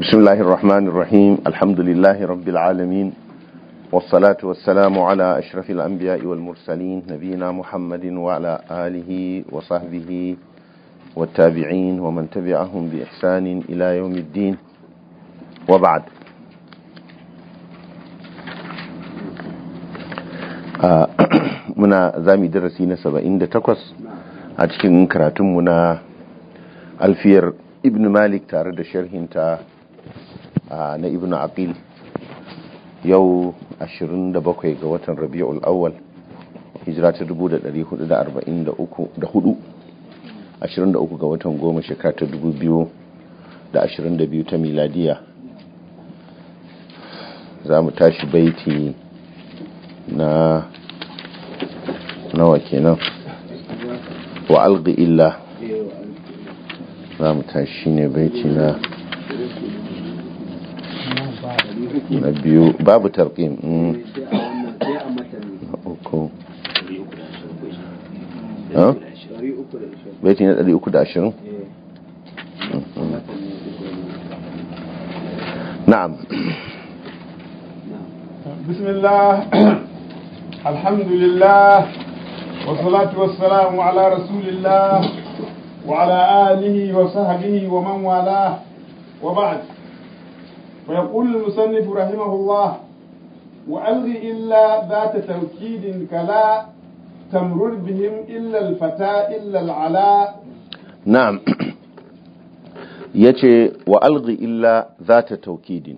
بسم الله الرحمن الرحيم الحمد لله رب العالمين والصلاة والسلام على أشرف الأنبياء والمرسلين نبينا محمد وعلى آله وصحبه والتابعين ومن تبعهم بإحسان إلى يوم الدين وبعد muna za mu darasi na 78 a cikin karatunmu na alfiyar ibn malik tare da sharhinta na ibn aqil yau 27 ga watan rabi'ul awwal hijira ta 1443 23 ga watan goma shekara ta 2022 ta miladiya za mu tashi baiti na nawa kenan wa alga illa za mu tashi ne baiti na na باب babu tarqim uku baiti بسم الله الحمد لله والصلاة والسلام على رسول الله وعلى آله وصحبه ومن والاه وبعد فيقول المصنف رحمه الله وألغ إلا ذات توكيد كلا تمرر بهم إلا الفتى إلا العلاء نعم yace wa illa zata ta taukidin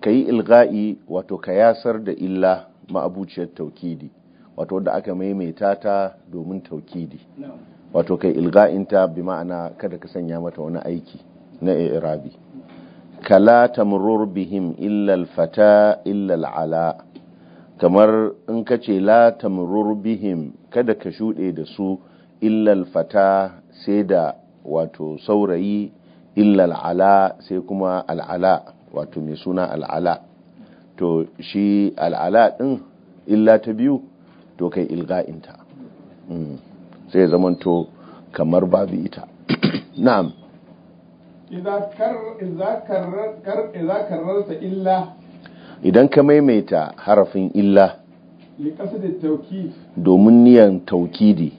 ka ilga'i wato ka yasar da illa ma'abuciyar taukidi wato da aka maimaita ta domin taukidi wato ka yi ilga'inta bi ma'ana kada ka sanya mata wani aiki na irabi kala murur bihim illal fata illal ala kamar in ka ce la murur bihim kada ka shuɗe da su illal fata sai da wato saurayi illal ala sai kuma al'ala wato mai suna al'ala to shi al'ala ɗin illa ta biyu to kai ilga'inta mm. sai zamanto kamar babu ita na'am idan ka maimaita harafin illa domin niyan taukidi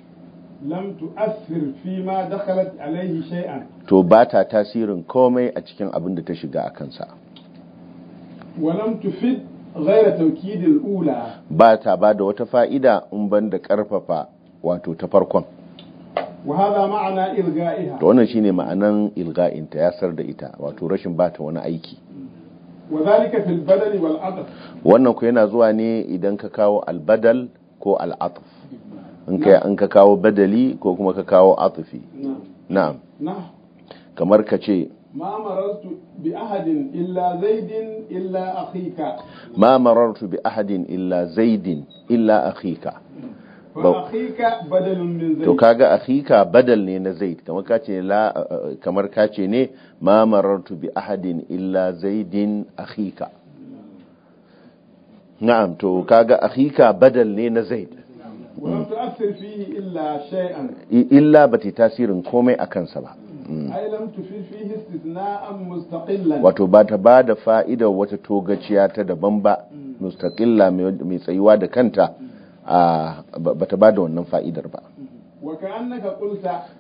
to ba ta tasirin komai a cikin abin da ta shiga a kansa ba ta ba da wata fa'ida in ban da ƙarfafa wato ta farkon to wannan shine ma'anan ilga'in ta yasar da ita wato rashin bata wani aiki wannan ku yana zuwa ne idan ka kawo albadal ko al'atuf in ka kawo badali ko kuma ka kawo atufi na'am kamar ka ce bi ahadin illa zaidin illa akhika ma marartu bi ahadin illa zaidin illa akhika to kaga akhika badal ne na zaid kamar kace la kamar ce ne ma marartu bi ahadin illa zaidin akhika na'am to kaga akhika badal ne na zaid wa fihi illa shay'an illa bati tasirin komai akan sa ba mm. wato ba ta ba da wata togaciya ta daban ba mm. mustaqilla mai tsayuwa da kanta mm. bata ba da wannan fa'idar ba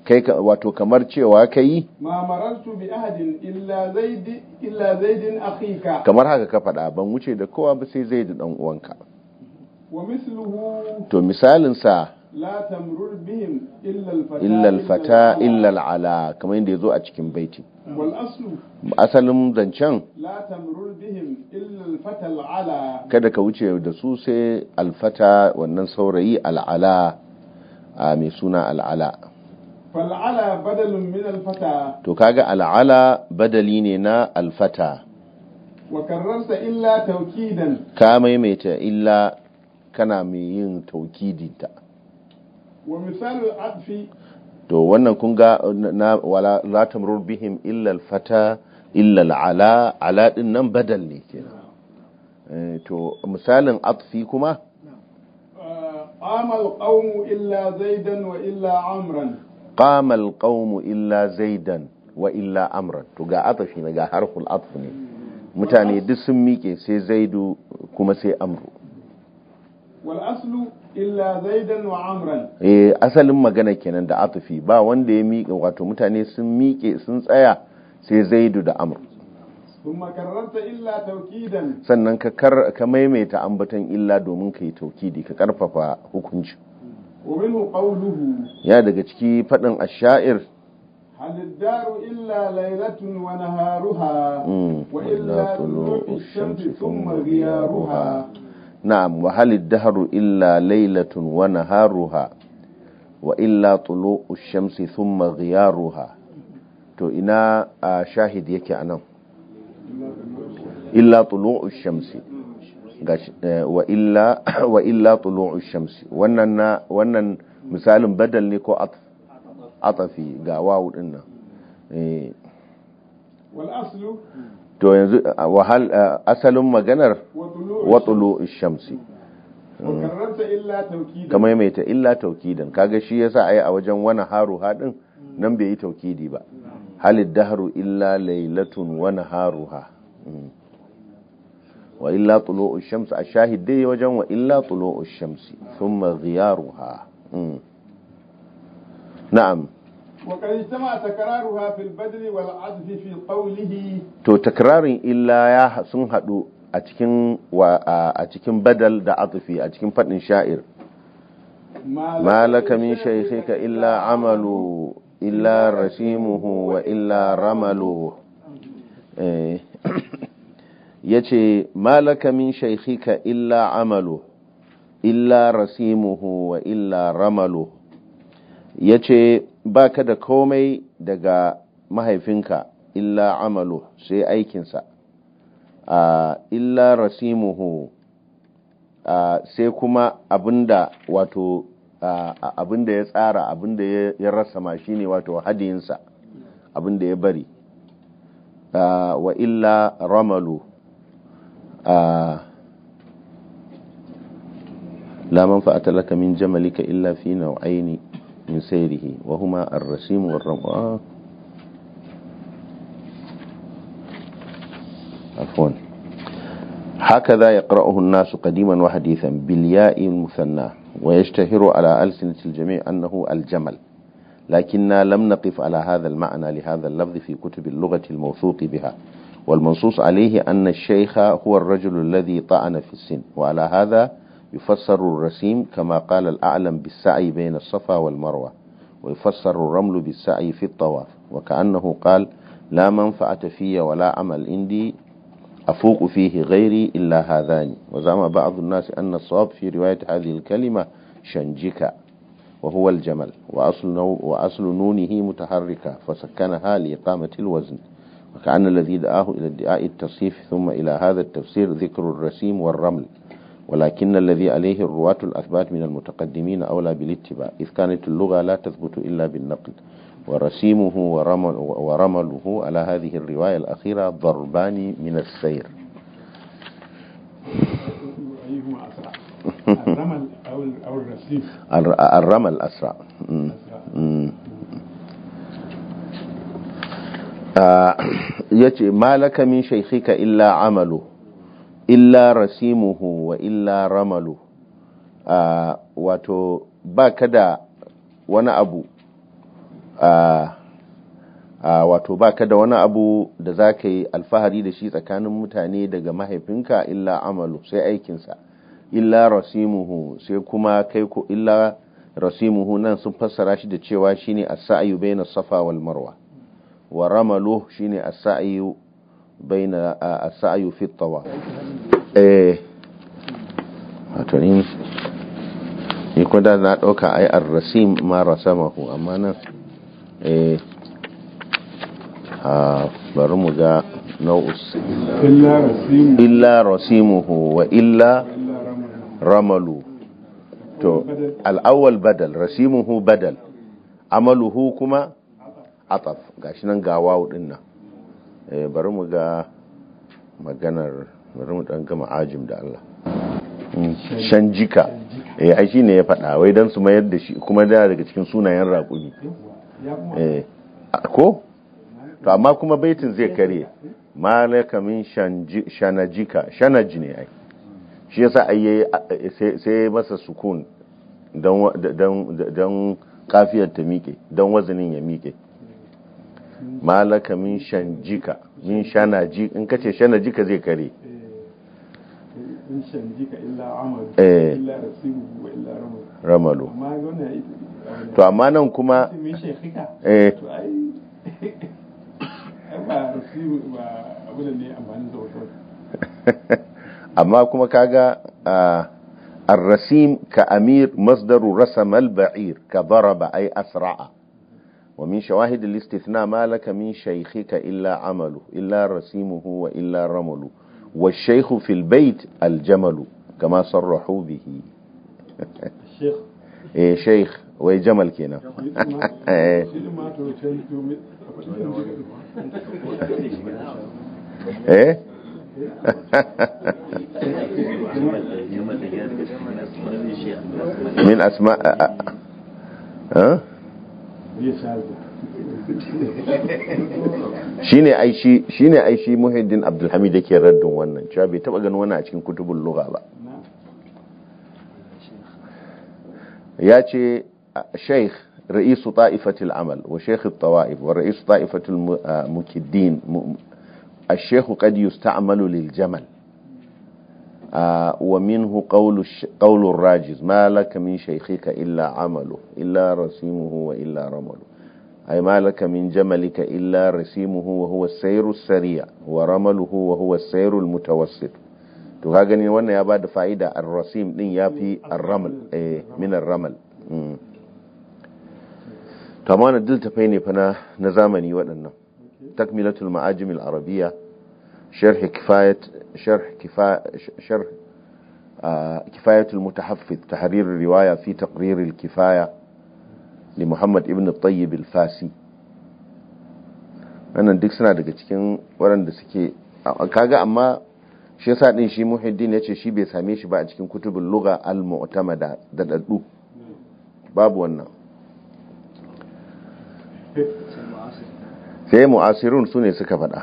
kai wato kamar cewa ka illa kai kamar haka ka faɗa ban wuce da kowa ba sai zai da ɗan uwanka to misalinsa la tamrur bihim illa alfata illa alala kamar yadda zo a cikin baiti wal asalin zancen la kada ka wuce da su sai alfata wannan saurayi alala a mai suna alala min alfata to kaga alala badali ne na alfata wa illa ka maimaita illa kana mai yin taukidinta to wannan kun ga na wala la tamrur bihim illa al-fata illa al-ala ala din nan badal ne kenan eh, to misalin atfi kuma qamal qawmu illa zaidan wa illa amran qamal qawmu illa zaidan wa illa amran to ga atfi ne ga harful atf ne mm-hmm. mutane duk sun mike sai zaidu kuma sai amru wal illa zaidan wa amran eh asalin magana kenan da atufi ba wanda ya miƙe wato mutane sun miƙe sun tsaya sai zaidu da amur. kuma karrarta illa taukidan sannan ka maimaita ambaton illa domin ka yi taukidi ka ƙarfafa hukunci ciki قوله يا دقتكي Halittaru illa هل الدار haruha. Wa illa وإلا طلوع sun mariya ruha. na'am wa daharu illa illa laylatun wa naharuha wa illa tulu'u shamsi thumma ruha to ina a shahid yake anan illa tulu'u shamsi e, wa illa wa illa shamsi wannan misalin badal ne ko atafi ga wawu din nan eh. to yanzu wahal asalin maganar watulu shamsi kamar mai ta illa taukidin kaga shi yasa ai a wajen wani haru hadin nan bai yi taukidi ba halid dahru illa lailatun wani haruha mm. wa illa tulu'u shamsi a shahid dai wajen wa illa tulu'u shamsi thumma ghiyaruha mm. na'am وقد اجتمع تكرارها في البدل والعذف في قوله تو تكرار الا يا سن حدو a a cikin badal da atufi a cikin faɗin sha'ir malaka eh, min shaykhika illa amalu illa rasimuhu wa illa ramalu yace malaka ba ka da komai daga mahaifinka illa amalu sai aikinsa ah, illa rasimuhu ah, sai kuma abinda wato ah, abinda ya tsara abinda ya rasa ma ne wato hadiyinsa abinda ya bari wa illa ramalu la laman fa’atalaka min jamalika illa fi nau'aini من سيره وهما الرسيم والرمق عفوا هكذا يقرأه الناس قديما وحديثا بالياء المثنى ويشتهر على ألسنة الجميع أنه الجمل لكننا لم نقف على هذا المعنى لهذا اللفظ في كتب اللغة الموثوق بها والمنصوص عليه أن الشيخ هو الرجل الذي طعن في السن وعلى هذا يفسر الرسيم كما قال الأعلم بالسعي بين الصفا والمروة ويفسر الرمل بالسعي في الطواف وكأنه قال لا منفعة في ولا عمل عندي أفوق فيه غيري إلا هذان وزعم بعض الناس أن الصواب في رواية هذه الكلمة شنجكا وهو الجمل وأصل, نو وأصل نونه متحركة فسكنها لإقامة الوزن وكأن الذي دعاه إلى ادعاء التصيف ثم إلى هذا التفسير ذكر الرسيم والرمل ولكن الذي عليه الرواة الأثبات من المتقدمين أولى بالاتباع إذ كانت اللغة لا تثبت إلا بالنقل ورسيمه ورمل ورمله على هذه الرواية الأخيرة ضربان من السير الرمل أو الرسيم الرمل أسرع آه، يجي ما لك من شيخك إلا عمله illa rasimuhu wa illa ramalu wato ba ka da wani abu wato ba ka da wani abu da za ka yi alfahari da shi tsakanin mutane daga mahaifinka illa amalu sai aikinsa illa rasimuhu sai kuma kai ko illa rasimuhu nan sun fassara shi da cewa shine as-sa'yu bayna safa wal marwa wa ramalu shine as-sa'yu بين السعي في الطواف eh wato ni ni ko da na dauka ai ar-rasim ma rasamahu amma nan eh mu ga nau'us illa rasimuhu wa illa ramalu to al badal rasimuhu badal amaluhu kuma ataf gashi nan ga wawu din nan Eh, bari mu ga maganar bari mu dan gama ajim da Allah mm, shanjika eh ai shine ya faɗa wai dan su mayar da shi kuma da daga cikin sunayen raƙumi eh ko to amma kuma baitin zai kare malaka min shanajika shanaji ne ai shi yasa ai eh, sai masa sukun dan dan dan kafiyar ta miƙe dan wazanin ya miƙe malaka min shanjika min shanaji in kace shanajika zai kare eh, in shanjika illa Amadu, eh. illa rasibu illa ramalu to amma nan kuma Amma eh. to ai ba rasibu ba abu da ne amfani da wato amma kuma kaga الرسيم كأمير مصدر رسم البعير كضرب أي أسرع ومن شواهد الاستثناء ما لك من شيخك إلا عمله إلا رسيمه وإلا رمله والشيخ في البيت الجمل كما صرحوا به الشيخ إيه شيخ وجمل كينا ايه من اسماء ها أه؟ shine aishi shi shine ai shi Muhiddin Abdulhamid yake raddin wannan cewa bai taba ganin wannan a cikin kutubul lugha ba ya ce sheikh ra'isu ta'ifatul amal wa sheikh at-tawa'if wa ra'isu ta'ifatul ah, mukiddin الشيخ قد يستعمل للجمل wa min qawlu rajiz ma laka min ka illa amalu illa rasimuhu wa illa ramalu ay malaka min jamali ka illa rasimuhu wa huwa sayru sariya wa ramaluhu wa huwa sayru mutawassit to ka gani wannan ya ba da fa'ida a rasim din yafi ar-ramal eh ramal ar-ramal tamana dil fai ne fa na zamani waɗannan takmilatul ma'ajimil arabiya. شرح كفاية شرح كفاية شرح كفاية المتحفظ تحرير الرواية في تقرير الكفاية لمحمد wannan duk suna daga cikin waɗanda suke kaga amma shi yasa din shi Muhiddin ce, shi bai same shi ba a cikin kutubin lugha al-mu'tamada da babu wannan sai mu'asirun ne suka faɗa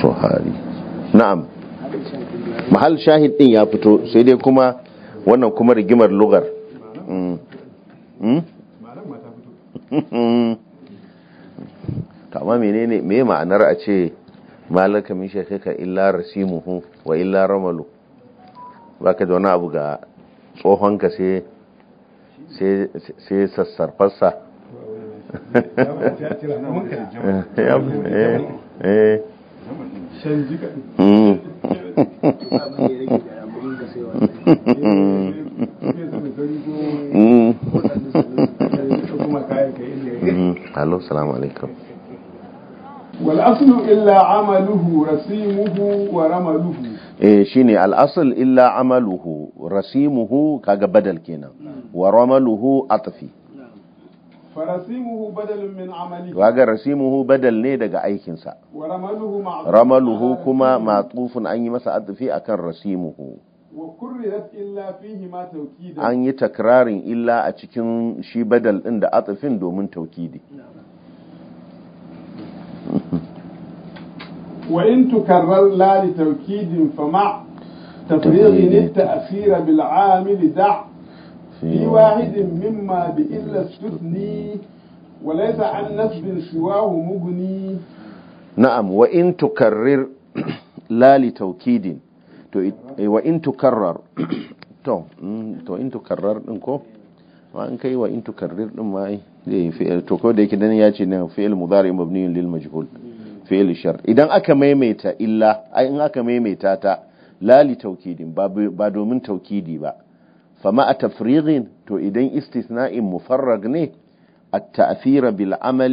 suhari na'am mahal shahid دين ya fito sai dai kuma wannan kuma rigimar lugar hmm. Hmm? kama menene me ma'anar a ce malaka min shekaka illa rasimuhu wa illa ramalu baka da wani abu ga tsohonka sai sai sassarfarsa Halo, salamu alaikum. Wal'asulu illa amaluhu rasimuhu wa ramaluhu. Eh shi ne al'asul illa amaluhu rasimuhu kaga badal kenan, wa ramaluhu atafi. فرسيمه بدل من عمله واغا daga aikinsa ramaluhu kuma رمله كما معطوف ان masa adfi akan رسيمه وكررت an yi takrarin illa a cikin shi badal ɗin da atfin domin taukidi wa in tukarrar la li taukidin fama ma tafriqi ni ta'sira bil da' في واحد مما بإلا استثني وليس عن نسب سواه مغني نعم وإن تكرر لا لتوكيد وإن تكرر تو to in tukarrar din ko an kai wa in tukarrir din ma to ko da yake dan ya ce nan fi'il mudari mabniyun lil majhul fi'il shar idan aka maimaita illa ai in aka maimaita ta la li taukidin ba domin taukidi ba fama a tafrigin to idan istisna'in mufarrag ne a ta'afira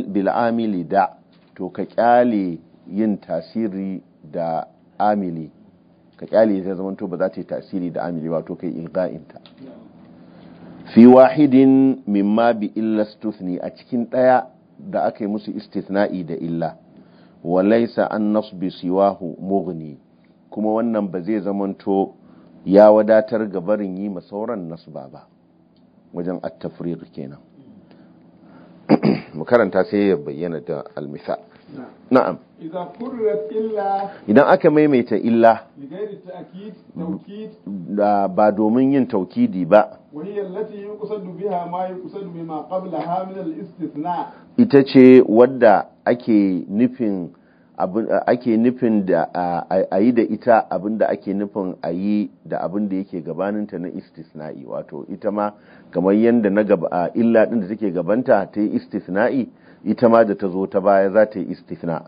bil'amili da to ka kyale yin tasiri da amili ka kyale zai zama yi tasiri da amili wato kai ilga'inta fi wahidin mimma bi illa stufni a cikin ɗaya da aka musu istisna'i da illa walaisa an nasbi siwahu mughni kuma wannan ba zai zamanto ya wadatar ga barin yi masauran nasu ba wajen attafirir kenan makaranta sai ya bayyana da al na'am idan aka maimaita illa ba domin yin taukidi ba ita ce wadda ake nufin ake nufin da a yi da ita abin da ake nufin a yi da abin da yake gabaninta na istisna'i wato ita ma kamar yadda na gaba illa ɗin da take gabanta ta yi istisna'i ita ma da ta zo ta baya za ta yi istisna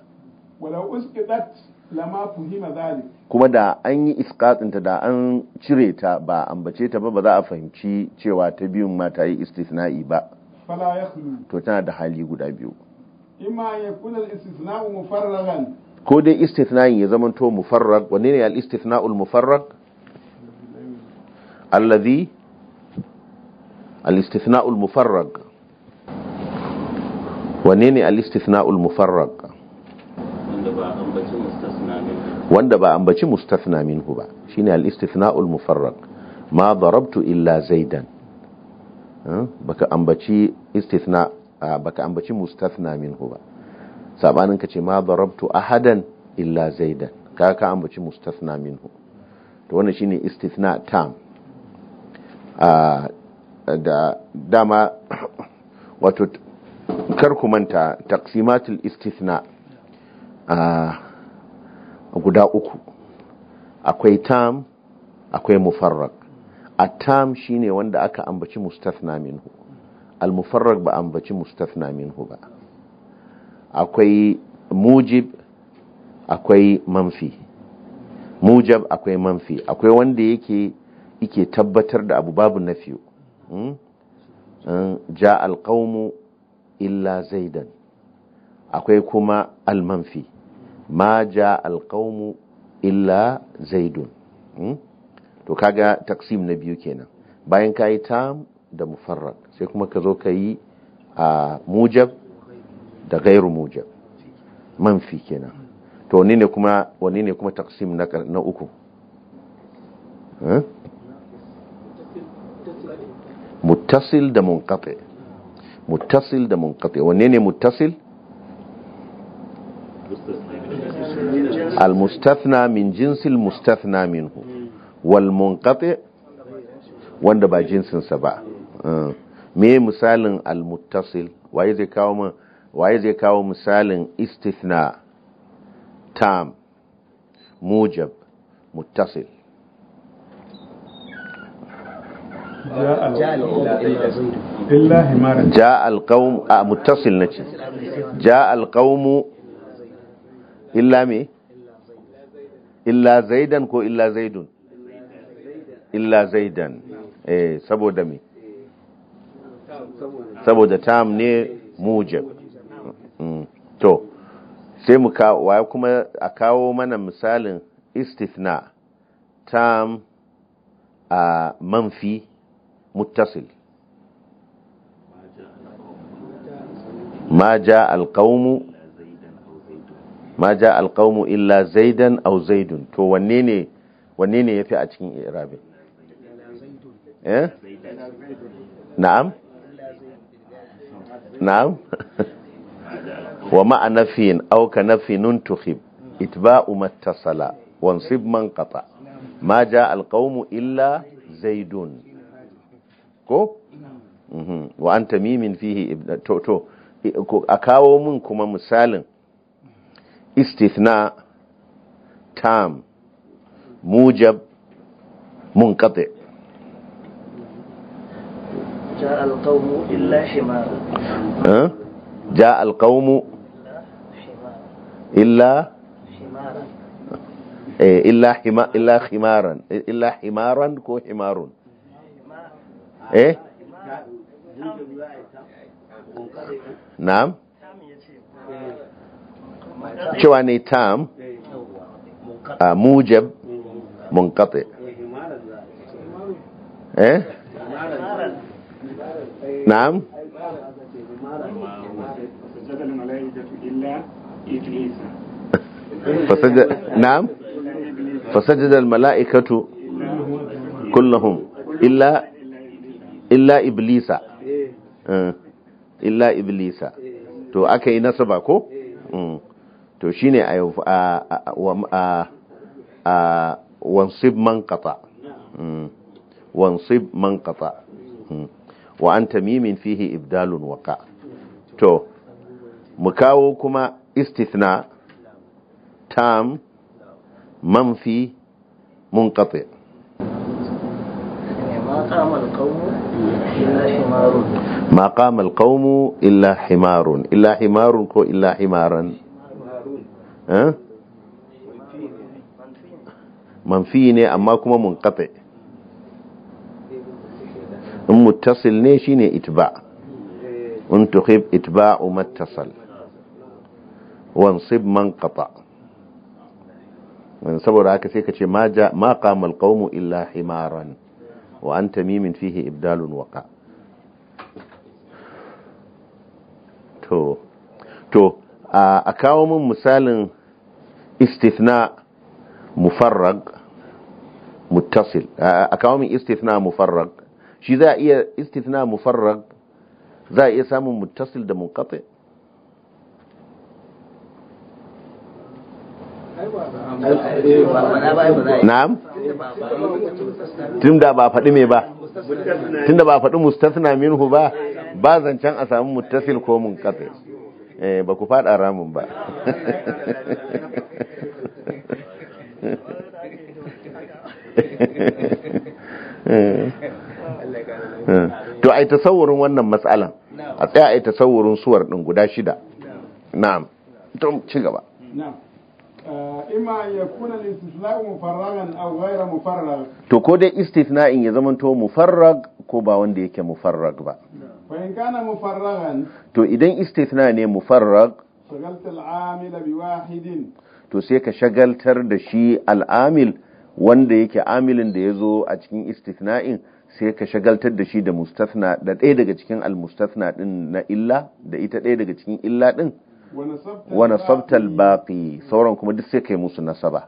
kuma da an yi iskatsinta da an cire ta ba ambace ta ba ba za a fahimci cewa ta biyun ma ta yi istisna'i ba to tana da hali guda biyu ko dai istithna'in ya zama to mufarrag wanne ne al-istithna'u al-mufarrag alladhi al-istithna'u al-mufarrag wanne ne al-istithna'u al-mufarrag wanda ba ambaci mustafna minhu ba shine al-istithna'u al-mufarrag ma darabtu illa zaidan baka ambaci istithna baka ambaci mustathna minhu ba sabanin ka ce ma darabtu ahadan illa zaidan ka ka ambaci mustathna minhu to wannan shine istithna tam a da dama wato kar ku manta taqsimatul istithna a guda uku akwai tam akwai mufarrak a tam shine wanda aka ambaci mustathna minhu al-mufarrag ba ambaci mustafna minhu ba akwai mujib akwai manfi mujab akwai manfi akwai wanda yake yake tabbatar da abu babu nafiyo hmm? hmm? ja alqaumu illa zaidan akwai kuma almanfi ma ja alqaumu illa zaidun hmm? to kaga taksim na biyu kenan bayan kayi tam da mufarrad sai kuma ka zo ka yi a mujab da gairu mujab manfi kenan to wani ne kuma taksim na uku eh? mutasil da munqati mutasil da munqati wanne ne mutasil al-mustathna min jinsil mustathna minhu wal munqati wanda ba jinsinsa ba eh. me misalin almuttasil waye zai kawo min waye zai kawo misalin istithna tam mujab muttasil جاء القوم متصل نجي جاء القوم إلا مي إلا زيدا كو إلا زيد إلا زيدا إيه سبو دمي saboda tam ne mujab mm. to sai mu kawo waye kuma a kawo mana misalin istithna tam a manfi muttasil ma ja alƙaunmu ma ja illa zaidan au zaidun to wanne ne ya fi a cikin irabin eh na'am na'am wa ma'a nafiyin auka nafinun tuhib itba'u mattasala wansib man qata ma ja alqawmu illa zaidun ko mhm. wa an tamimin fihi to to a kawo mun kuma misalin istithna tam mujab munqati' جاء القوم إلا حمارا أه؟ إلا حمارا إلا حمارا كو حمار إيه نعم شواني تام موجب منقطع mujab na'am na'am fasajada almala'ikatu kullahum illa iblisa eh, illa iblisa to aka yi nasaba ko mm. to shine a a a wansib man mm. man qata mm. wa an tamimin fihi ibdalun waka to mu kawo kuma istithna tam manfi munqati ma kama alqawmu illa himarun illa himarun ko illa himaran eh? manfi ne amma kuma mun munqati in mutasil ne shi ne itba in tuhib itba'u mattasal wansib man kafa saboda haka sai ka ce ma ja ma illa himaran wa an tamimin fihe ibdalun waka to a kawo min misalin istifna mufarrag mutasil a kawo min istifna mufarrag shi za a iya istithna mufarrag za a iya samun mutasil da munkatsi na'am tunda ba faɗi me ba tunda ba faɗi mustasna minhu ba ba zancen a samu mutasil ko munkatsi eh ba ku faɗa ramin ba eh to ai tasawurin wannan matsalan a tsaya ai tasawurin suwar din guda shida na'am to ci gaba eh, to ko dai istisna'in ya to mufarrag ko ba wanda yake mufarrag ba to idan istisna ne mufarrag to sai ka shagaltar da shi al'amil wanda yake amilin da ya zo a cikin istisna'in sai ka shagaltar da shi da mustafna da ɗaya daga cikin almustafna ɗin na illa da ita ɗaya daga cikin illa ɗin wani sabtal baƙi. sauran kuma duk sai ka yi musu nasaba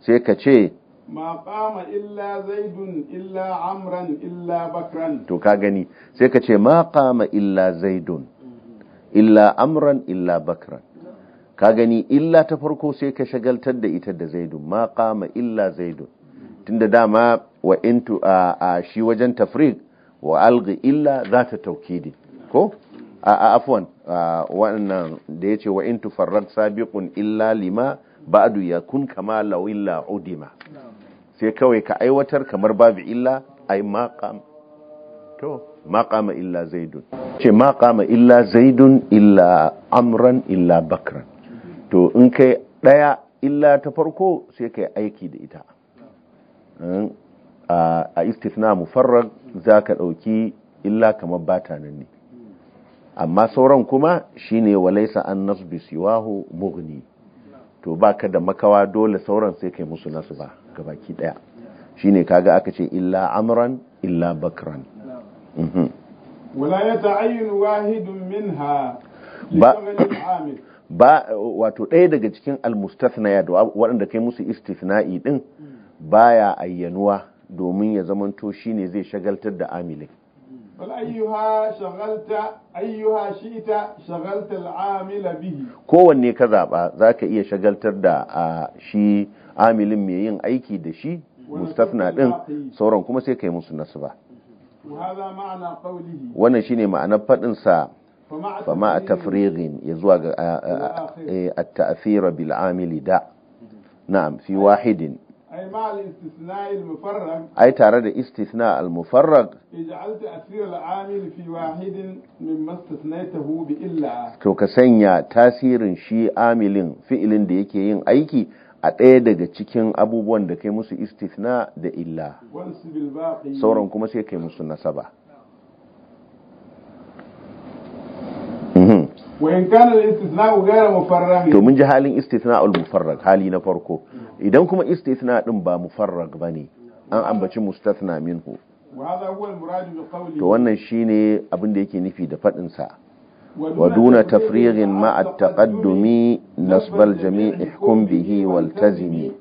sai ka ce ma qama illa zaidun illa amran illa bakran to ka gani sai ka ce ma qama illa zaidun illa amran illa bakran ka gani illa ta farko sai ka shagaltar da ita da zaidun ma qama illa zaidun tunda dama wa intu a shi wajen tafrik wa alga illa za ta taukidi ko a afwan wannan da yace wa intu farrag sabiqun illa lima ba'du kun kama law udima sai kawai ka aiwatar kamar babu illa ai maqam to maqama illa zaidun ce maqama illa zaidun illa amran illa bakran to in kai daya illa ta farko sai kai aiki da ita hmm? a istisna mufarrag za ka ɗauki illa kamar bata nan ne amma sauran kuma shine walaisa an nasbi siwahu mughni to baka da makawa dole sauran sai kai musu nasu ba gabaki daya shine kaga aka ce illa amran illa bakran mhm. ba wato ɗaya daga cikin ya da waɗanda kai musu istithna'i din mm. baya ayyanuwa domin ya zamanto ne zai shagaltar da amilin kowanne ka zaɓa za ka iya shagaltar da shi amilin mai yin aiki da shi mustafna ɗin sauran kuma sai ka yi musu nasu ba wannan shine ma'ana faɗinsa sa a tafririn ya zuwa ga a eh, ta'afira bil'amili da na'am fi wahidin ai tare da istisna al-mufarraq to ka sanya tasirin shi amilin fi'ilin da yake yin aiki a ɗaya daga cikin abubuwan da kai musu istisna da illa sauran kuma sai kai musu nasaba to mun ji halin istithna al mufarrag hali na farko idan kuma istisna din ba mufarrag bane an ambaci mustathna minhu to wannan shine abin da yake nufi da fadin sa wa duna tafrighin ma at taqaddumi nasbal jami' ihkum bihi waltazimi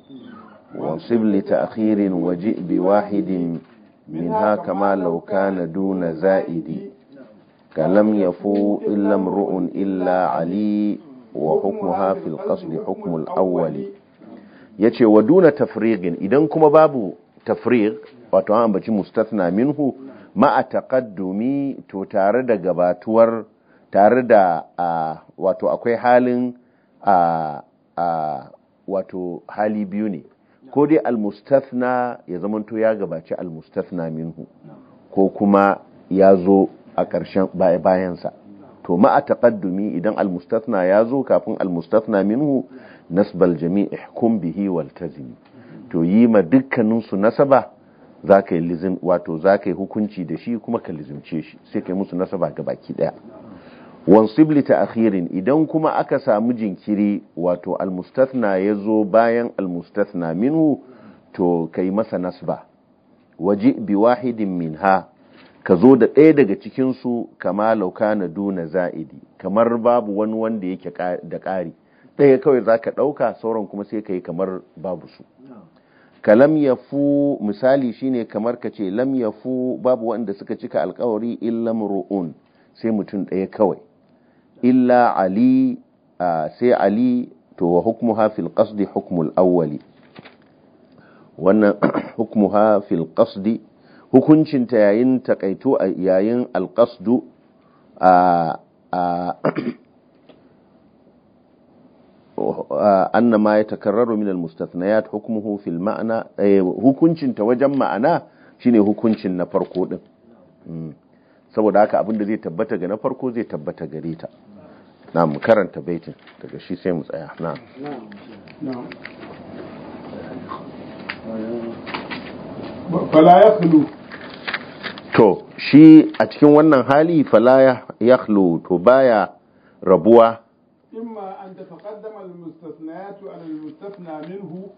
wansib li ta'khirin waji' bi wahidin minha kama law kana duna za'idi كلم يفو إلا امرؤ إلا علي وحكمها في القصد حكم الأول يتي ودون تفريغ إذن كما باب تفريغ وتعام بجي مستثنى منه ما أتقدمي تتارد قباتور تارد واتو أكوي حال واتو حالي بيوني ko dai almustathna ya zamanto ya gabaci almustathna minhu ko kuma ya a ƙarshen bayansa to ma a taƙaddumi idan almustafna ya zo kafin almustafna minhu nasbal jami'i hukum bihi wal tazimi to yi ma dukkaninsu nasaba za ka yi lizim wato za ka yi hukunci da shi kuma ka lizimce shi sai ka yi musu nasaba ga baki ɗaya wansib ta akhirin idan kuma aka samu jinkiri wato almustafna ya zo bayan almustafna minhu to ka yi masa nasba Waje bi wahidin min ha. ka zo da ɗaya daga cikinsu kama na duna za'idi kamar babu wani wanda yake da ƙari ɗaya kawai za ka ɗauka sauran kuma sai ka yi kamar babu su ka lam fu. misali shine kamar ka ce lam fu babu wanda suka cika alkawari illa mur'un sai mutum ɗaya kawai illa ali sai ali to wa ha fil qasdi hukmul awwali wannan ha fil qasdi hukuncinta yayin takaito a yayin alƙasdu a anna ma ya takarraru min almustathniyat hukmuhu fil ma'na eh, hukuncinta wajen ma'ana shine hukuncin na farko din hmm. saboda haka abin da zai tabbata ga na farko zai tabbata gare ta na mu karanta baitin daga shi sai mu tsaya na فلا يخلو to shi a cikin wannan hali fala ya to baya rabuwa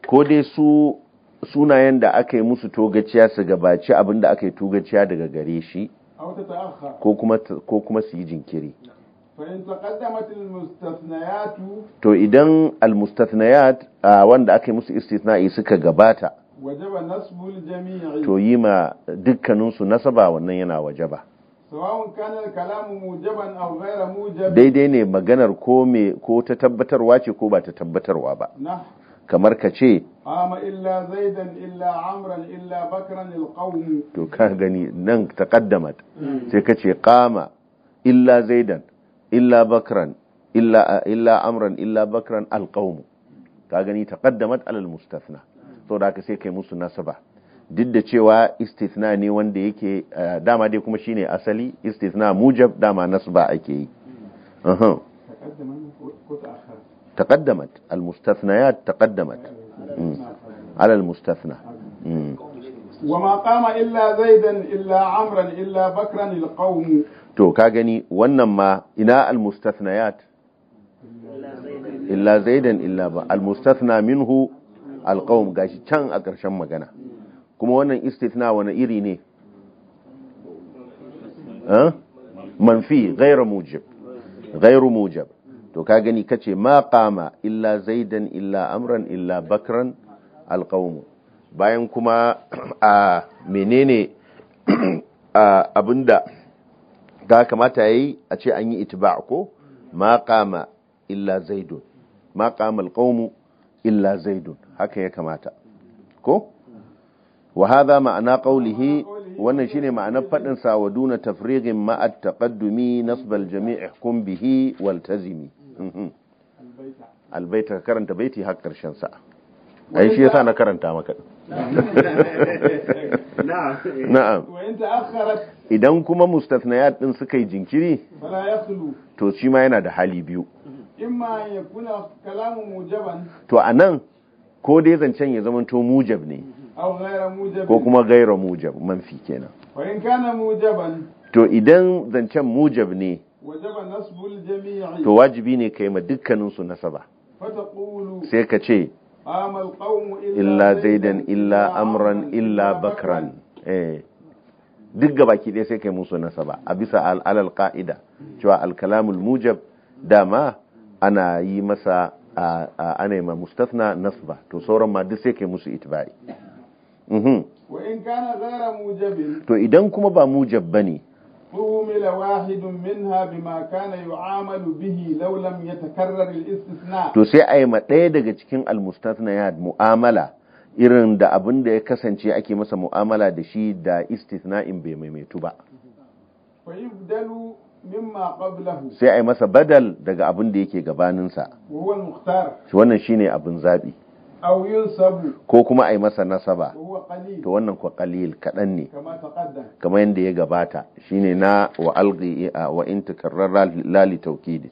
ko dai su sunayen da aka yi musu togaciya su gabaci abin aka yi togaciya daga gare shi ko kuma su yi jinkiri to idan almustathnayat wanda aka yi musu istisna'i suka gabata wajaba nasbul jami'i to yi ma dukkanin su nasaba wannan yana wajaba sawa'un kana kalamu mujaban aw ghayra mujab daidai ne maganar ko me ko ta tabbatarwa ce ko ba ta tabbatarwa ba kamar ka ce ama illa zaidan illa amran illa bakran alqawm to ka gani nan taqaddamat hmm. sai ka ce qama illa zaidan illa bakran illa illa amran illa bakran alqawm ka gani taqaddamat alal mustafna saboda haka sai kai musu nasaba duk da cewa istithna ne wanda yake eh, dama dai kuma shine asali istithna mujab dama nasaba ake yi uhum taqaddamat almustathnayat taqaddamat hmm. alal hmm. wa ma qama illa zaidan illa amran illa bakran alqawm to ka gani wannan ma ina almustathnayat illa zaidan illa ba almustathna minhu alƙawun gashi can a ƙarshen magana kuma wannan istitna wani iri ne manfi gairu mujib gairu to ka gani kace ma qama illa zaidan illa amran illa bakran alqawm bayan kuma a menene abinda ga kamata yayi a ce an yi itiba ko ma qama illa zaidun ma qama alqawm illa zaidun haka ya kamata ko wa hadha ma'ana qawlihi wannan shine ma'anar fadin sa wa duna tafrigin ma at taqaddumi nasbal jami' ihkum bihi waltazimi mhm. albaita karanta baiti har karshen sa ai shi yasa na karanta maka na'am idan kuma mustathniyat din suka yi jinkiri to shi ma yana da hali biyu imma ya kuna kalamu mujaban to anan ko dai zancen ya to mujab ne ko kuma gaira mujab manfi kenan in kana mujaban to idan zancen mujab ne wajaba nasbul jami'i to wajibi ne kai ma dukkanin su nasaba sai ka ce amal qawmu illa zaidan illa amran illa bakran eh duk gabaki ɗaya sai kai musu nasaba a bisa al'alal ka'ida cewa alkalamul mujab dama ana yi masa ana yi ma mustafna nasba to sauran ma duk sai kai musu mhm. in kana zara itba'i to idan kuma ba mujab bane tuhumila wahidun minha bima kana yu'amalu bihi law lam yatakarrar al istithna to sai ayi ma ɗaya daga cikin al mu'amala irin da abin da ya kasance ake masa mu'amala da shi da istithna'in bai maimaitu ba fa yudalu sai a yi masa badal daga abin da yake gabaninsa shi wannan shine abin zaɓi ko kuma a yi masa nasaba to wannan kwa kalil kaɗan ne kamar yadda ya gabata shine na wa alƙi wa in takarrar lali taukidi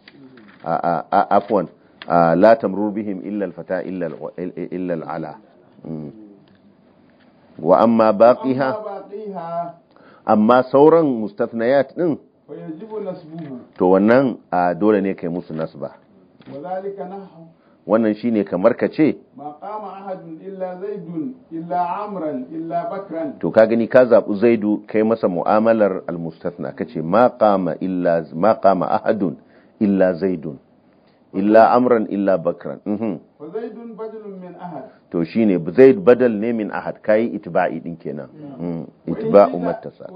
afwan la latam bihim illa alfata illa ala. Hmm. wa amma baqiha amma sauran mustathniyat din to wannan a dole ne kai musu nasba wannan shi ne kamar ka ce to ka gani ka zaɓi zaidu kai masa mu'amalar almustathna kace ma ma ahadun illa zaidun illa amran illa bakran mhm. to shine zaid badal ne min ahad kai itba'i din kenan mhm. itba'u matasa.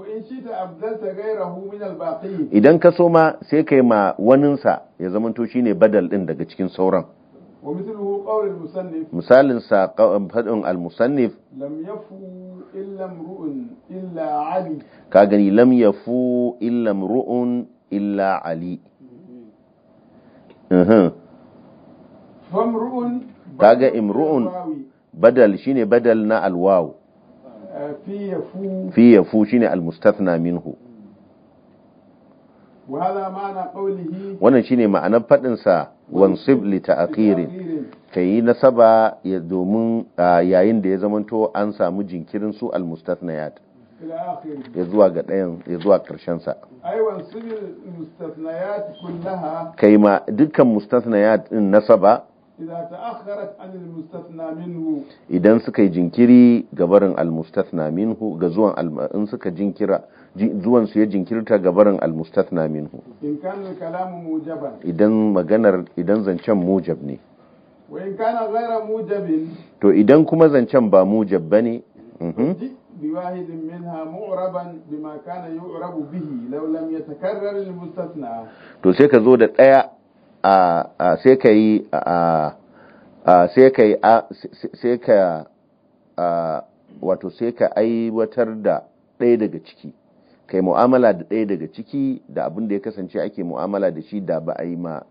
idan ka so ma sai kai ma sa ya zamanto shine badal din daga cikin sauran Misalin sa fadin Al فدع المصنف لم يفو إلا امرؤ إلا علي كاغني لم يفو إلا امرؤ إلا kaga imru'un badal shine badal na alwaw eh, fi yafu shine almustathna minhu wannan shine ma'anar faɗinsa, sa wansib li ka yi nasaba domin ah, yayin da ya zamanto an samu jinkirin su almustathnayat ya zuwa ga ɗayan ya zuwa ƙarshensa kai ma dukkan mustasnayat ɗin nasaba idan suka yi jinkiri ga barin almustathna minhu ga zuwan in suka jinkira zuwan su ya jinkirta ga barin almustathna minhu idan maganar idan zancen mujab ne to idan kuma zancen ba mujab bane mhm. بواحد منها معربا بما كان يعرب به لو لم يتكرر المستثنى to sai ka zo da daya a sai ka yi sai ka yi sai ka wato sai ka aiwatar da ɗaya daga ciki kai mu'amala da ɗaya daga ciki da abin da ya kasance ake mu'amala da shi da ba a yi ma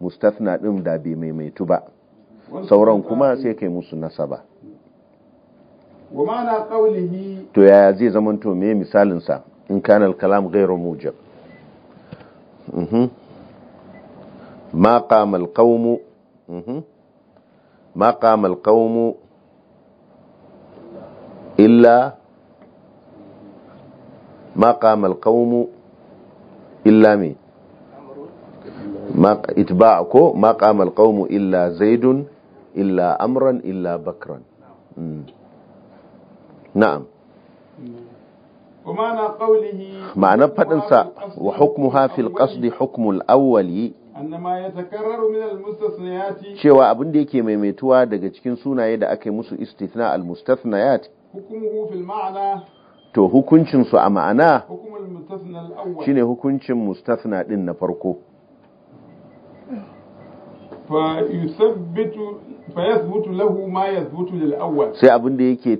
mustafna ɗin da bai maimaitu ba sauran kuma sai kai musu nasaba to yaya zai zama to me misalinsa in kana al-kalam ghayru mujab mhm. ma qama al-qawm mhm. ma qama al illa ma qama al-qawm illa me ma ko ma qama al illa zaidun illa amran illa bakran mm. na'am ma'ana faɗinsa wa hukmu hafil ƙasdi hukmul awwali cewa abin da yake maimaituwa daga cikin sunaye da aka yi musu istithna al-mustathniyat to hukuncinsu a ma'ana shine hukuncin mustathna din na farko sai abin da yake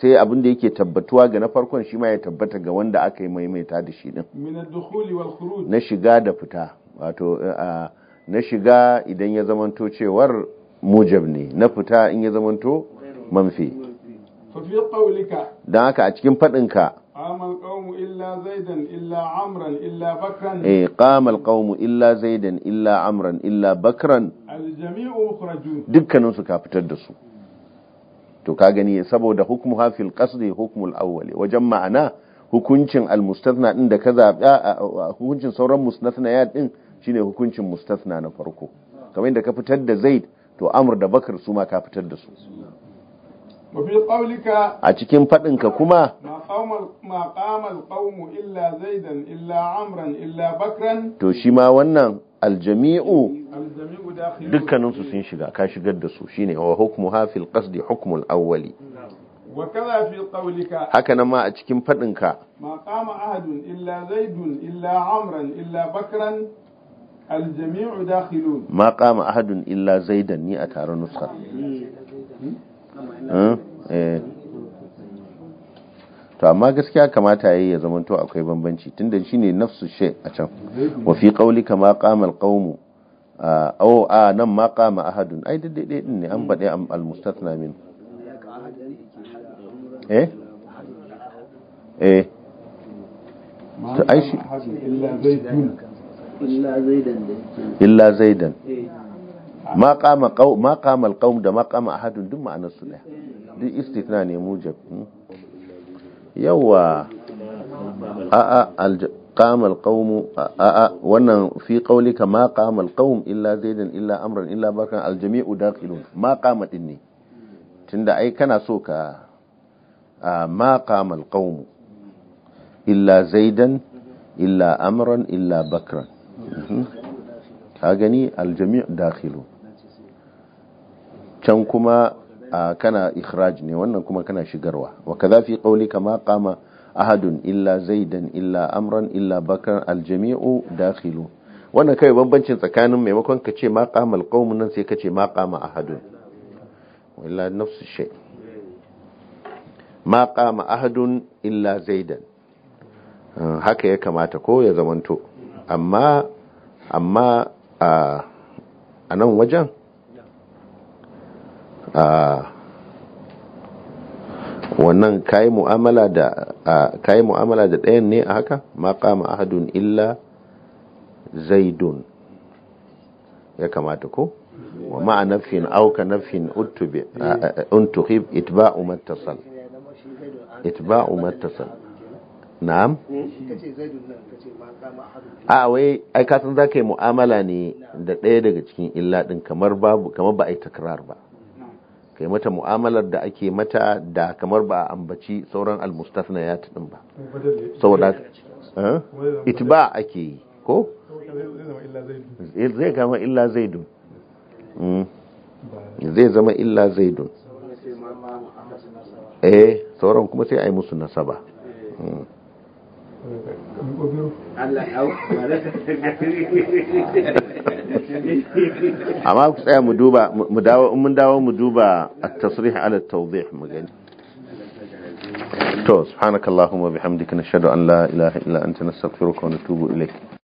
sai abin da yake tabbatuwa ga na farkon shi ma ya tabbata ga wanda aka yi maimaita da shi din na shiga da fita wato na shiga idan ya zamanto cewar mujab ne na fita in ya zamanto manfi don fi haka a cikin fadinka. ka قام القوم إلا زيدا إلا عمرا إلا بكرا إيه قام القوم إلا زيدا إلا عمرا إلا بكرا الجميع fitar da su to ka gani saboda hukmu ha fil qasd hukmul awwal wajen ma'ana hukuncin al mustathna din da ka zaba hukuncin sauran mustathna ya din shine hukuncin mustathna na farko kamar da ka fitar da zaid to amr da bakr su ma ka fitar da su a cikin faɗinka kuma to shi ma wannan aljami'u dukkaninsu sun shiga ka shigar da su shine wa hukmu hafil qasdi hukmul awwali haka nan ma a cikin faɗinka ma ƙama ahadun illa zaidan ni a tare nuskar hmm. Eh, eh. to amma gaskiya kamata yayi ya to akwai bambanci tunda shine nafsu shay a can wa fi qawlika ma qama alqawmu o a nan ma qama ahadun ai daidai din ne an bade al mustathna min eh eh to ai shi illa zaidan illa zaidan eh. ma kama ma kama alqaum da ma kama ahadun duk ma'anar su daya duk istithna ne mujab hmm? yawa a a kama alqaum a a wannan fi qaulika ma kama alqaum illa zaidan illa amran illa bakan aljami'u dakhilun ma kama din ne tunda ai kana so ka ma kama alqaum illa zaidan illa amran illa bakran hmm? ka gani aljami' dakhilun can kuma kana ikhraj ne wannan kuma kana shigarwa wa kaza fi qawlika kama qama ahadun illa zaidan illa amran illa bakran aljami'u dakhilu wannan kai bambancin tsakanin maimakon ka ce ma qama alqawm nan sai ka ce ma qama ahadun illa nafsu shay ma qama ahadun illa zaidan eh, haka ya kamata ko ya zamanto amma amma a nan wajen a wannan kayi mu'amala da kayi mu'amala da ɗayan ne a haka ma ahadun illa zaidun ya kamata ko wa ma'a nafin auka nafin utubi untuhib itba'u mattasal itba'u mattasal na'am a wai za ka yi mu'amala ne da ɗaya daga cikin illa ɗin kamar ba a ba ai ba kai mata mu'amalar da ake mata da kamar ba a ambaci sauran almustafna ya tudin ba saboda eh, itba ake yi ko zai zama illa zaidun hmm. zai zama illa zaidun eh sauran kuma sai a yi musu nasaba hmm. amma ku tsaya mu duba mu dawo mun dawo mu duba at-tasrih ala at-tawdih mu gani to subhanakallahumma bihamdika nashhadu an la ilaha illa anta nastaghfiruka wa natubu ilayk